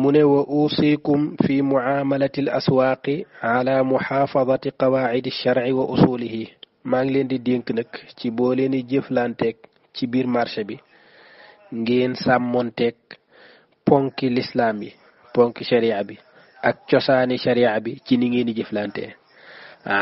mu ne wa uusikum fi muamalati aswaaqi ala muxaafadati qawaacidi sharci wa usulihi maa ngi leen di dénk nag ci boo leen ci biir marché bi ngeen sàmmonteeg ponki lislaam yi ponki sharia bi ak cosaani sharia bi ci ni ngeen di jëflante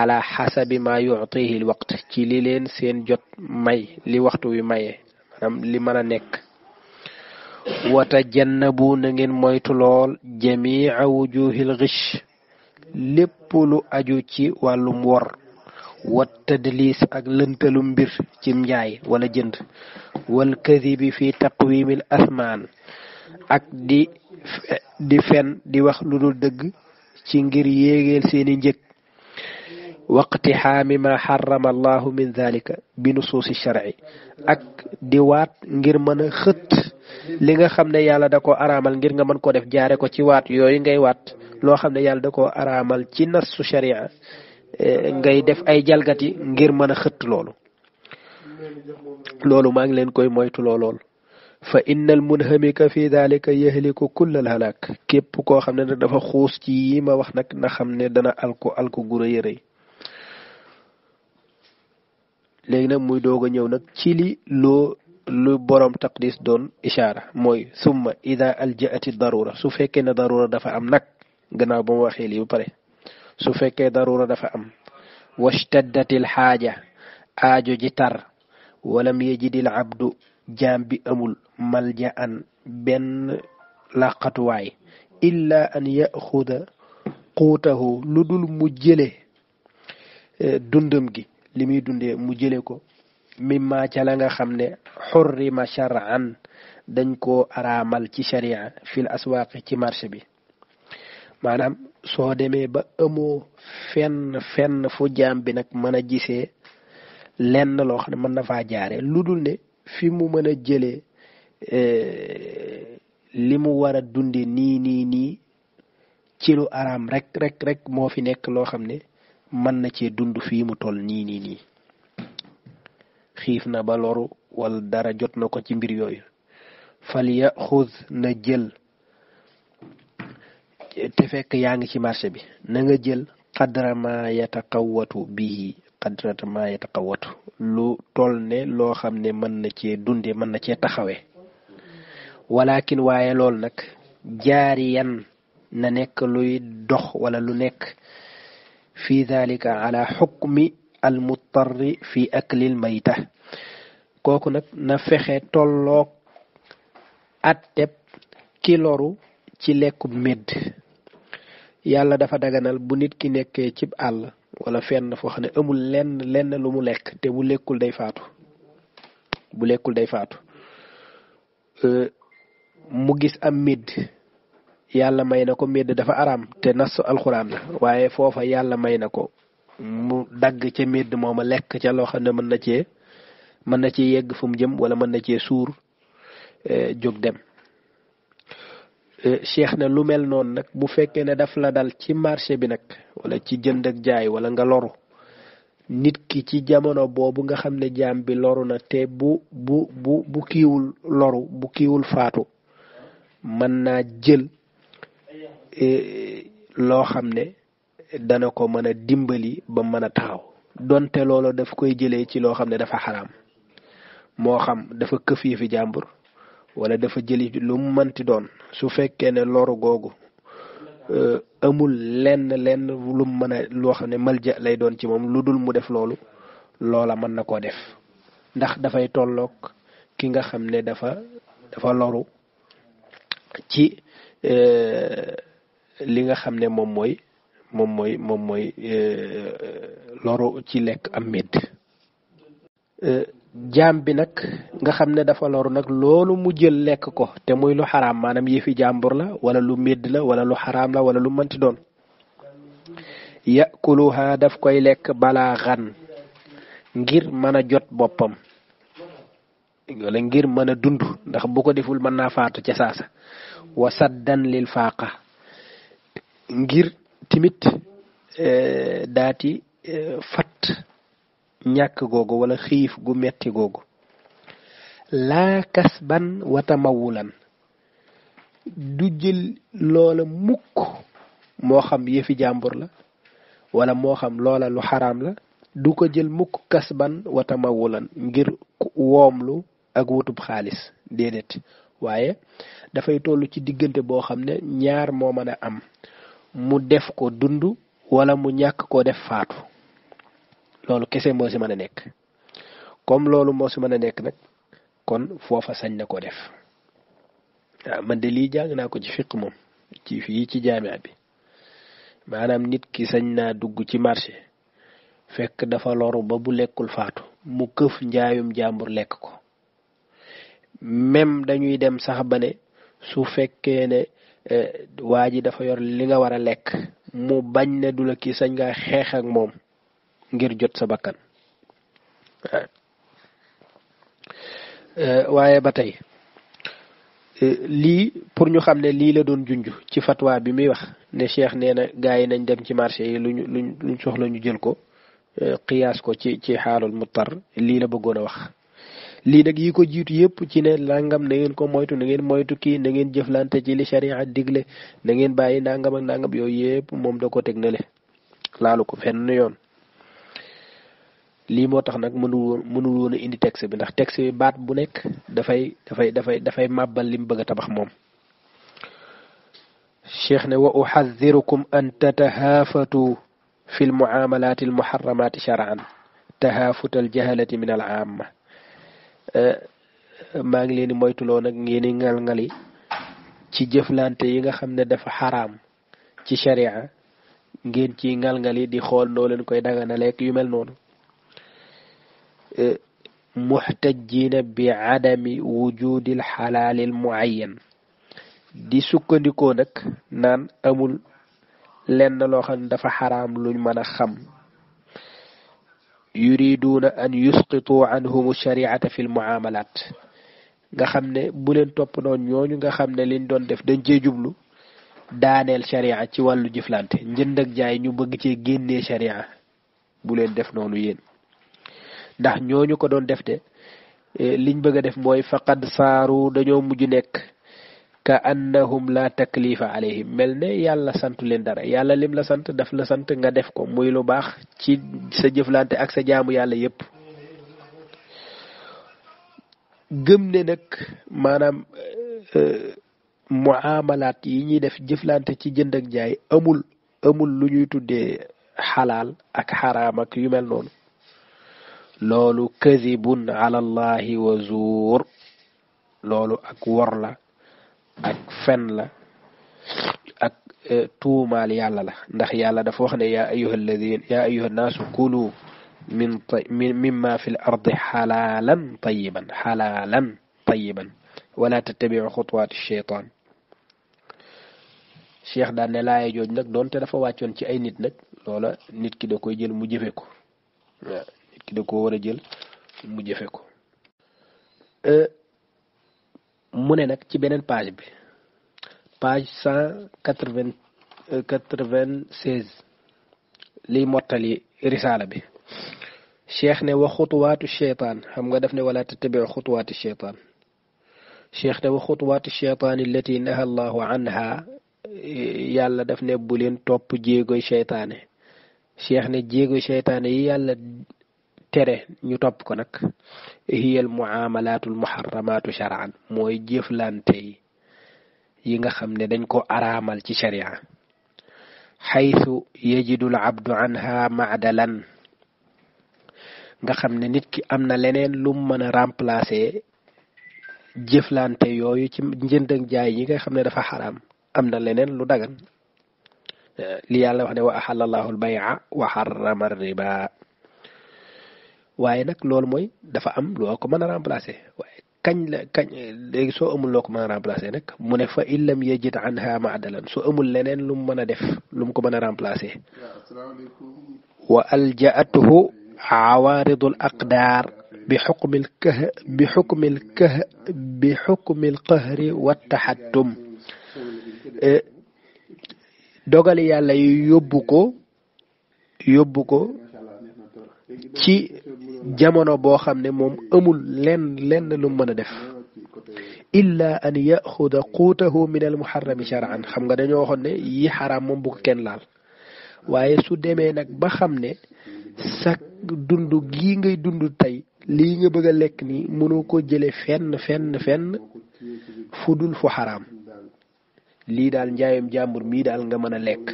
ala xasabi maa yuctihi l waqt ci li leen seen jot may li waxtu wi maye li mën a nekk watajannabu na ngeen moytu lool jamia wujuhil xish lépp lu aju ci wàllum wor wat tadlis ak lëntalu mbir ci njaay wala jënd wal kadibi fi taqwimil asmaan ak di fenn di wax lu dul dëgg ci ngir yéegeel seeni njëg waqti xaami ma xarama allahu min dalika bi nusuusi sharci ak di waat ngir mën a xët li nga xam ne yàlla da ko araamal ngir nga mën koo def jaare ko ci waat yooyu ngay waat loo xam ne yàlla da ko araamal ci nasu sharia eh, ngay def ay jalgati ngir mën a xëtt loolu loolu maa ngi leen koy moytuloo lool fa innal munhamika fi dalika yahliku kullal halak képp koo xam ne dafa xuus ci yi ma wax nag na xam ne dana alko alko gu rëy rëy léegi nag muy doog a ñëw nag ci li loo lu borom taqdis don ishara moy summa ida aljaati darura su fekke ne darura dafa am nak gannaaw ba waxe li bu pare su fekke darura dafa am washtaddat alxaaja aajo ji tar walam yajidi abdu jaam bi amul maljaan ben laqatu way illa an yaxuda qutahu ludul dul mu jële dundam gi limi dunde mu jële ko mimma ca la nga xam ne xurrima shar'an dañ ko araamal ci sharia fil aswaaqi ci marché bi maanaam soo demee ba amoo fenn fenn fu jaam bi nag mën a gisee lenn loo xam ne mën na faa jaare lu dul ne fi mu mën a jëlee eh, li mu war a dunde nii nii nii ci lu araam rek rek rek moo fi nekk loo xam ne mën na cee dund fii mu toll nii nii nii xiif na ba loru wala dara jot na ko ci mbir yooyu fal na jël te fekk yaa ngi ci marché bi na nga jël xadrama yataqawatu bii xadrama yataqawatu lu toll ne loo xam ne mën na cee dunde mën na cee taxawee nekk wala lu nekk fi dalika ala xukmi almuttarri fi aklil mayta kooku nag na fexe tolloog atteb ki loru ci lekkub medd yàlla dafa daganal bu nit ki nekkee cib àll wala fenn foo xam ne amul lenn lenn lu mu lekk te bu lekkul day faatu bu day faatu euh, mu gis am médd yàlla may na ko médd dafa araam te nasu alxuraan la waaye foofa yàlla may na ko mu dagg ca mbedd mooma lekk ca loo xam ne mën na cee mën na cee yegg fu mu jëm walla mën na cee suur eh, jóg dem eh, cheikh na lu mel noon nag bu fekkee ne daf la dal ci marché bi nag wala ci jënd ak jaay wala nga loru nit ki ci jamono boobu nga xam ne jaam bi loru na te bu bu bu bu loru bu kiiwul faatu mën naa jël eh, loo xam ne dana ko mën a dimbali ba mën a taxaw donte loolu daf koy jëlee ci loo xam ne dafa xaraam moo xam dafa këf yi fi jàmbur wala dafa jëli lu mu mënti doon su fekkee ne loru googu euh, amul lenn lenn lu mu a loo xam ne malja lay doon ci moom lu dul mu def loolu loola mën na koo def ndax dafay tollook ki nga xam ne dafa dafa loru ci euh, li nga xam ne moom mooy moom mooy moom mooy euh, loro ci lekk am medd euh, jaam bi nag nga xam ne dafa loru nag loolu mu jël lekk ko te muy lu xaraam maanaam yëfi jàmbur la wala lu medd la wala lu xaram la wala lu mënti doon yakuluha daf koy lekk balaa xan ngir mën a jot boppam wala ngir mën a dund ndax bu ko deful mën naa faatu ca saasa wa saddan lil faaqa ngir timit eh, daati eh, fat ñàkk googu wala xiif gu metti googu laa kasban watamawulan du jël loola mukk moo xam yëfi jàmbur la wala moo xam loola lu xaraam la du ko jël mukk kas ban kasban watamawulan ngir woomlu ak wutub xaalis déedéet waaye dafay toll ci diggante boo xam ne ñaar moo mën a am mu def ko dund wala mu ñàkk koo def faatu loolu kese moo si mën a nekk comme loolu moo si mën a nekk nag kon foofa sañ na ko def waaw man de lii jàng naa ko ci fiq moom ci yi ci jaamia bi maanaam nit ki sañ naa dugg ci marché fekk dafa loru ba bu lekkul faatu mu këf njaayum jàmbur lekk ko même dañuy dem sax ba ne su fekkee ne Eh, waa ji dafa yor li nga war a lekk mu bañ ne du la kii sañ nga xeex ak moom ngir jot sa bakkan eh, waaye ba tey eh, lii pour ñu xam ne lii la doon junj ci fatwa bi muy wax ne cheikh nee na gaa yi nañ dem ci marché yi luñ luñ luñ soxla ñu jël ko qiyaas ko ci ci xaalul muttar lii la bëggoon a wax lii nag yi ko jiitu yépp ci ne nangam na ko moytu na ngeen moytu kii na ngeen jëflante ci li sharia digle na ngeen bàyyi nangam ak nangam yooyu yëpp moom da ko teg laalu ko fenn yoon lii moo tax nag mënul woon mënul indi texte bi ndax texte bi baat bu nekk dafay dafay dafay dafay màbbal li mu bëgg a tabax moom cheikh ne wa uxadirukum an tatahaafatu fi lmuamalaati almuxaramaati charan tahaafuta aljahalati min alaama Eh, maa ngi leen di moytuloo nag ngeen ngal-ngali ci jëflante yi nga xam ne dafa xaraam ci sharia ngeen ci ngal-ngali di xool noo koy daganaleek yu mel noonu eh, muxtajiina bi adami wujudil xalaalil muayyan di sukkandikoo nag naan amul lenn loo xam dafa xaram luñ mën a xam yuriduuna an yusqitu anhum shariata fi lmuamalat nga xam ne bu leen topp noon ñooñu nga xam ne liñ doon def dañ cee jublu daaneel sharia ci wàllu jëflante njënd ak jaay ñu bëgg cee génnee sharia bu leen def noonu yéen ndax ñooñu ko doon def de eh, liñ bëgg a def mooy faqad saaru dañoo mujj nekk ka annahum la taklifa alayhim mel ne yàlla sant leen dara yàlla lim la sant daf la sant nga def ko muy lu baax ci sa jëflante ak sa jaamu yàlla yépp gëm ne nag maanaam euh, euh, muamalaat yi ñuy def jëflante ci jëndak jaay amul amul lu ñuy tuddee xalaal ak xaraam ak yu mel noonu loolu kazibun ala wa zuur loolu ak wor ak fen la ak tuumaal yàlla la ndax yàlla dafa wax ne yaa ayuha alladin yaa ayuha naasu kulu min mimma fi l ardi xalaalan tayiban xalaalan tayiban wala tattabiu xutuwaat shaytan cheikh daan ne laaye jooj nag doonte dafa wàccoon ci ay nit nag loola nit ki da koy jël mu jëfe ko waaw nit ki da ko war a jël mu jëfe ko mu ne nag ci beneen page bi page cent quatre-vingt euh, quatre-vingt-seize li mottali risaala bi cheikh ne wa xutuwaatu cheytaan xam nga daf ne wala tattabiu xutuwaati cheytaan cheikh ne wa xutuwaati cheytaan illati naha allahu anha yàlla daf ne bu leen topp jéegoy cheytaane ne jéegoy cheytaane yi tere ñu topp ko nag hiyal muamalaatul muharramaatu sharaan mooy jëflante yi nga xam ne dañ ko araamal ci sharia xaytu yajidul abdu anha maadalan nga xam ne nit ki am na leneen lu mën a remplacer jëflante yooyu ci njënd jaay yi nga xam ne dafa xaraam am na leneen lu dagan li yàlla wax ne wa axala al riba waaye nag loolu mooy dafa am loo ko mën a remplacer kañ kañ léegi soo amul loo ko mën a remplacer nag mu ne fa illam yajid anha maadalan soo amul leneen lu mu mën a def lu mu ko mën a remplacer wa aljaatuhu awaaridul aqdaar bi xukmil kah wa taxattum e, dogali yàlla yu ko yóbbu ko ci jamono boo xam ne moom amul lenn lenn lu mën a def illa an yaxuda quutahu min al muharrami xam nga dañoo waxoon ne yii xaraam moom bu kenn laal waaye su demee nag ba xam ne sak dund gii ngay dund tey lii nga bëgg a lekk nii mënoo ko jële fenn fenn fenn fu dul fu xaraam lii daal njaayam jàmbur mii daal nga mën a lekk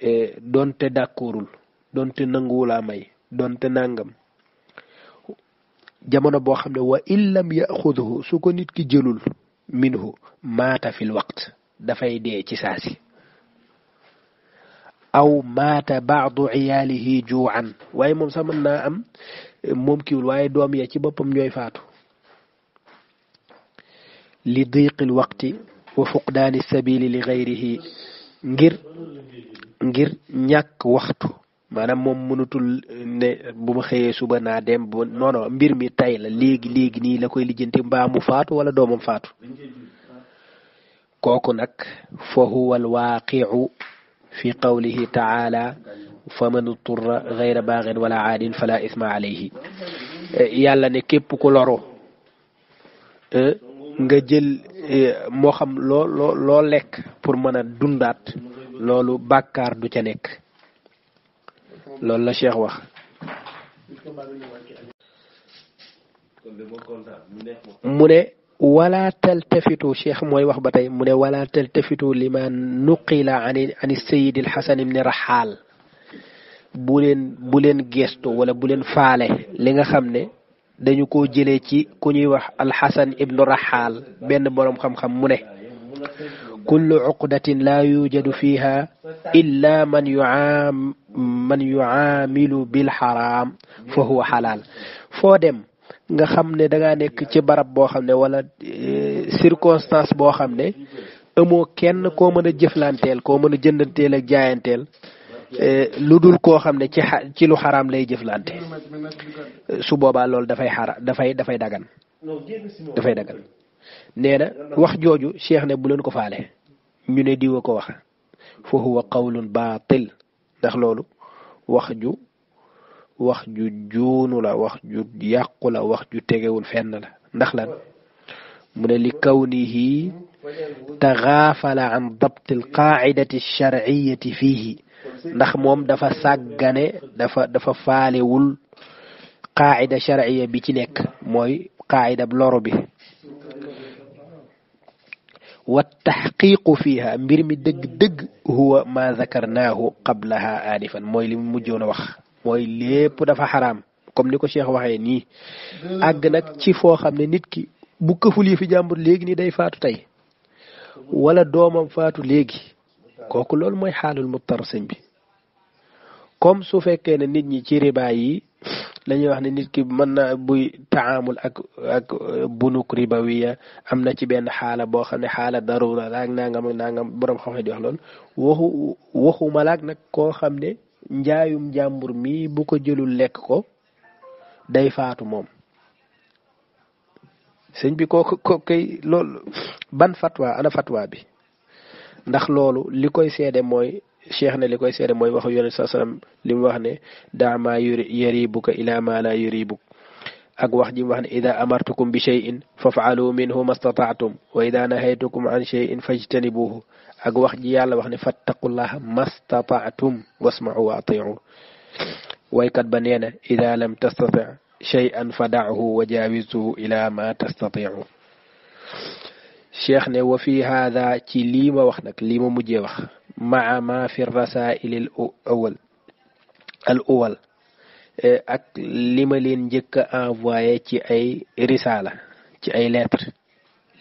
eh, doonte d'accordul doonte nanguwulaa may donte nangam jamono bo xamne wa illam lam suko nit ki jëlul minhu mata fil waqt da fay de ci sasi aw mata ba'd 'iyalihi ju'an way mom sa man na am moom kiwul way dom ya ci bopam ñoy faatu li al waqt wa fuqdan fuqdaani sabil li ghayrihi ngir ngir ñak waxtu maanaam moom mënutul eh, ne bu ma xëyee suba naa dem ba non non mbir mi tay la léegi léegi nii la koy lijjanti mbaamu mu faatu wala doomam faatu kooku nag fa huwa alwaaqiu fi qawlihi taala fa man turra gayra baaxin wala aadin fala isma alayhi eh, yàlla ne képp ku loro eh, nga jël moo xam loo loo lekk pour mën a dundaat loolu bàkkaar du ca nekk loolu la Cheikh wax. mu ne wala taltafitu cheikh mooy wax ba tey mu ne wala taltafitu lima nuqila ani ani sayid alxasan ibni raxaal bu geestu wala bu leen faale li nga xam ne dañu ko jëlee ci ku ñuy wax alxasan ibnu raxaal benn boroom xam-xam mu ne kullu la yujadu fiha illa man yuaam man yuamilu bil xaraam fa huwa xalaal foo dem nga xam ne danga nekk ci barab boo xam ne wala eh, circonstance boo xam ne amoo kenn koo mën a jëflanteel ko mën a jëndanteel ak jaayanteel eh, lu dul koo xam ne ci ci lu xaraam lay jëflante su boobaa loolu dafay dafay dafay dagan wax jooju cheikh ne bu leen ko faale ñu ne diwa ko wax fa huwa qawlun baatil ndax lolu wax ju wax ju junu la wax ju yàqu la wax ju tegewul fenn la ndax lan mu ne li kawnihi تغافل عن ضبط القاعدة الشرعية fihi ndax mom dafa sagane dafa dafa falewul qa'ida sharciya bi ci nek moy qa'ida loro bi والتحقيق فيها ميرمي دق دق هو ما ذكرناه قبلها آنفا موي لي مجون وخ موي ليپ دا حرام كم نيكو شيخ واخي ني اغ نك تي فو خامني نيت في جامبر ليغي ني داي فاتو تاي ولا دومم فاتو ليغي كوكو لول موي حال المضطر بي كوم سو فكه ني نيت ني la wax ne nit ki mën na buy taamul ak ak euh, bunuk ribawiya am na ci benn xaala boo xam ne xaala darura laak nangam ak nangam borom xam-xam di wax loolu waxu waxuma laak nag koo xam ne njaayum jàmbur mii bu ko jëlul lekk ko day faatu moom sëñ bi kooku kooku kay ban fatwa ana fatwa bi ndax loolu li koy seede mooy شيخنا اللي كويس يعني موي وخو يونس صلى الله عليه وسلم دع ما يريبك إلى ما لا يريبك أك وحدي وحن إذا أمرتكم بشيء فافعلوا منه ما استطعتم وإذا نهيتكم عن شيء فاجتنبوه أك وحدي يالا وحن فاتقوا الله ما استطعتم واسمعوا وأطيعوا ويكاد بنينا إذا لم تستطع شيئا فدعه وجاوزه إلى ما تستطيع شيخنا وفي هذا تليم وخنك ليم مجي وخ مع ما في الرسائل الأول الأول إيه، أك لما لين جك أنفوي أي رسالة تي أي لتر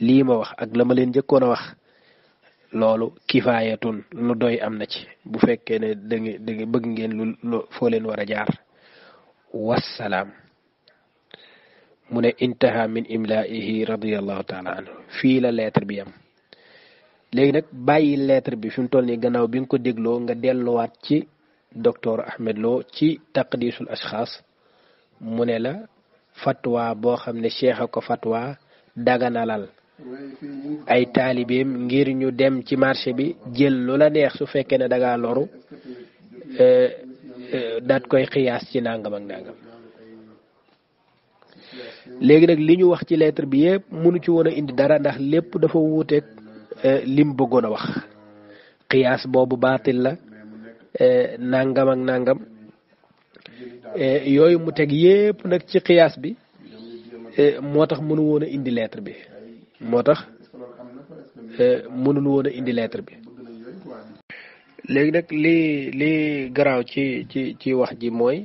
لما واخ أك لما لين جك أنا لولو كفاية تون ندوي أم نتش بفك كن دعي دعي بعدين لول فولين ورجار والسلام من انتهى من إملائه رضي الله تعالى عنه في لا لتر بيام léegi nag bàyyi lettre bi fi mu toll nii gannaaw bi nga ko dégloo nga delluwaat ci docteur Ahmed Lo ci taqdisul ashxaas mu ne la fatwa boo xam ne cheikh ak ko fatwa dagganalal ay taalibeem ngir ñu dem ci marché bi jël lu la neex su fekkee ne dangaa loru euh, euh, daat koy xiyaas ci nangam ak nangam léegi nag li ñu wax ci lettre bi yëpp mënu ci woon indi dara ndax lépp dafa wuuteeg Eh, lim bëggoon a wax qiyaas boobu baatil la eh, nangam ak nangam eh, yooyu mu teg yépp nag ci qiyaas bi moo tax mënu woon indi lettre bi moo tax mënul woon indi lettre bi léegi nag li li garaaw ci ci ci wax ji mooy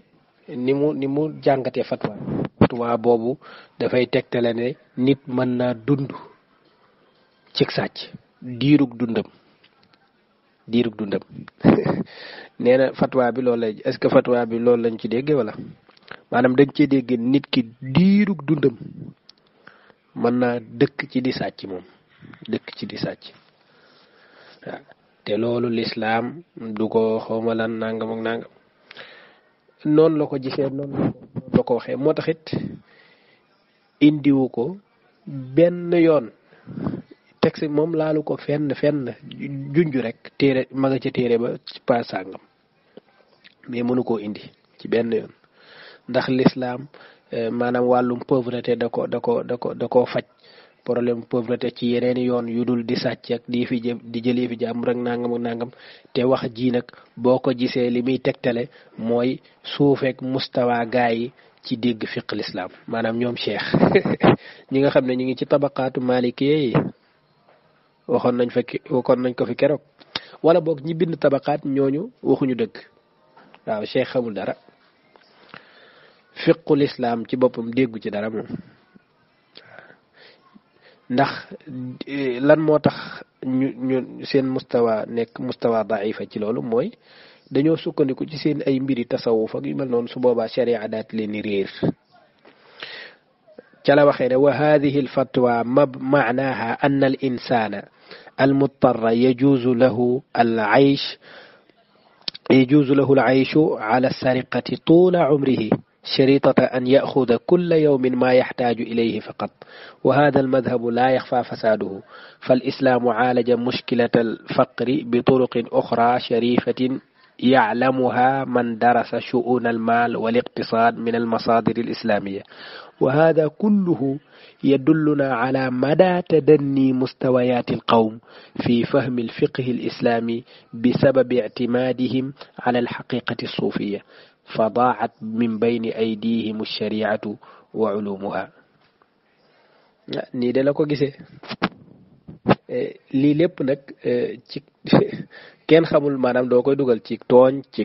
ni mu ni mu jàngatee fatwa fatwa boobu dafay tegtale ne nit mën naa dund cig sàcc diirug dundam diirug dundam nee fatwa bi loolu la bi loolu lañ ci déggee wala maanaam dañ cee déggee nit ki diirug dundam mën naa dëkk ci di sàcc moom dëkk ci di sàcc te loolu lislaam du ko xawma lan nangam ak nangam la ko gisee noonu la ko waxee moo taxit indiwu ko benn yoon texte mom lalu ko fenn fenn junj rek téere maga ci téré ba pa sàngam mais mënu ko indi ci ben yoon ndax l'islam euh, manam walum pauvreté dako ko dako dako fajj problème pauvreté ci yeneen yoon yu dul di sàcc ak di fi di jëlee fi jàmm rek nangam nangam te wax ji nag boo ko gisee li muy tegtale mooy suufeeg mustawa gaa yi ci dégg fiq lislaam maanaam ñoom cheikh ñi nga xam ne ñu ngi ci tabaqaatu waxoon nañ fa waxoon nañ ko fi keroog wala boog ñi bind tabaqaat ñooñu waxuñu dëgg waaw cheikh xamul dara fiqul lislaam ci boppam déggu ci dara moom ndax lan moo tax ñu ñu seen mustawa nekk mustawa daifa ci loolu mooy dañoo sukkandiku ci seen ay mbiri tasawuf ak yu mel noonu su boobaa sharia daat leen ni réer ca la وهذه الفتوى معناها أن الإنسان المضطر يجوز له العيش يجوز له العيش على السرقة طول عمره شريطة أن يأخذ كل يوم ما يحتاج إليه فقط وهذا المذهب لا يخفى فساده فالإسلام عالج مشكلة الفقر بطرق أخرى شريفة يعلمها من درس شؤون المال والاقتصاد من المصادر الإسلامية وهذا كله يدلنا على مدى تدني مستويات القوم في فهم الفقه الإسلامي بسبب اعتمادهم على الحقيقة الصوفية فضاعت من بين أيديهم الشريعة وعلومها ni de la ko gisee lii lépp nag ci kenn xamul maanaam doo koy dugal ci tooñ ci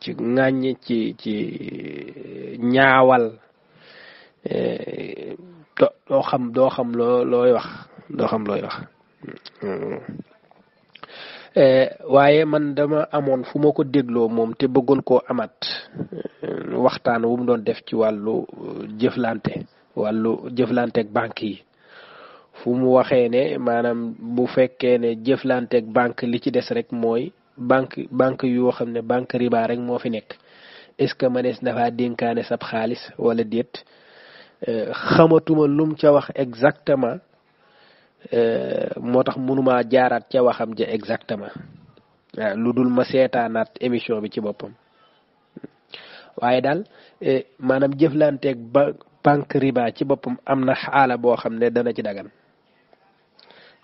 ci ŋàññ ci ci eh, ñaawal eh, doo xam doo loo looy wax doo xam looy wax mm. eh, waaye man dama amoon fu ma ko dégloo moom te bëggoon koo amaat waxtaan wum doon def ci wàllu jëflante wàllu jëflante ak banque yi fu mu waxee ne maanaam bu fekkee ne jëflanteeg banque li ci des rek mooy banque banque yoo xam ne banque riba rek moo fi nekk est-ce que manees dafa dénkaane sab xaalis wala déet euh, xamatuma lum ca wax exactement euh, moo tax mënumaa jaaraat ca waxam ja exactement lu dul ma seetaanaat émission bi ci boppam waaye daal euh, maanaam jëflanteeg ba banque riba ci boppam am na xaala boo xam ne dana ci dagan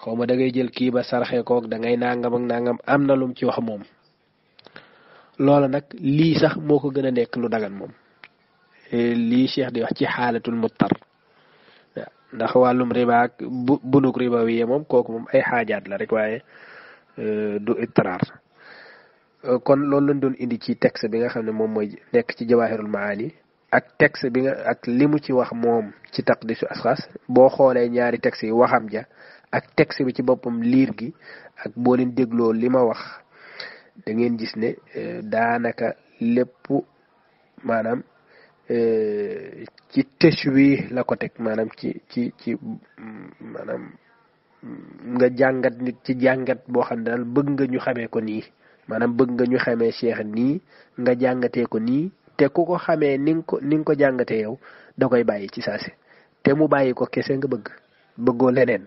xawma da ngay jël kii ba saraxe koog da ngay nangam ak nangam am na lum ci wax moom loola nag lii sax moo ko gën lu dagan moom eh, lii cheikh di wax ci xaalatul muttar ndax wàllum riba ak bunuk riba wiye moom kooku moom ay xaajaat la rek waaye eh, du ittiraar eh, kon loolu lañ doon indi ci texte bi nga xam ne moom mooy nekk ci jawahirul maali ak texte bi nga ak li mu ci wax moom ci taqdisu asxas boo xoolee ñaari texte yi waxam ja ak texte bi ci boppam liir gi ak boo leen dégloo li ma wax da ngeen gis ne euh, daanaka lépp maanaam euh, ci tashwih la ko teg maanaam ci ci ci maanaam nga jàngat nit ci jàngat boo xam ne daal bëgg nga ñu xamee ko nii maanaam bëgg nga ñu xamee cheikh nii nga jàngatee ko nii te ku ko xamee ni ko ni nga ko jàngatee yow da koy bàyyi ci saasi te mu bàyyi ko kese nga bëgg bëggoo leneen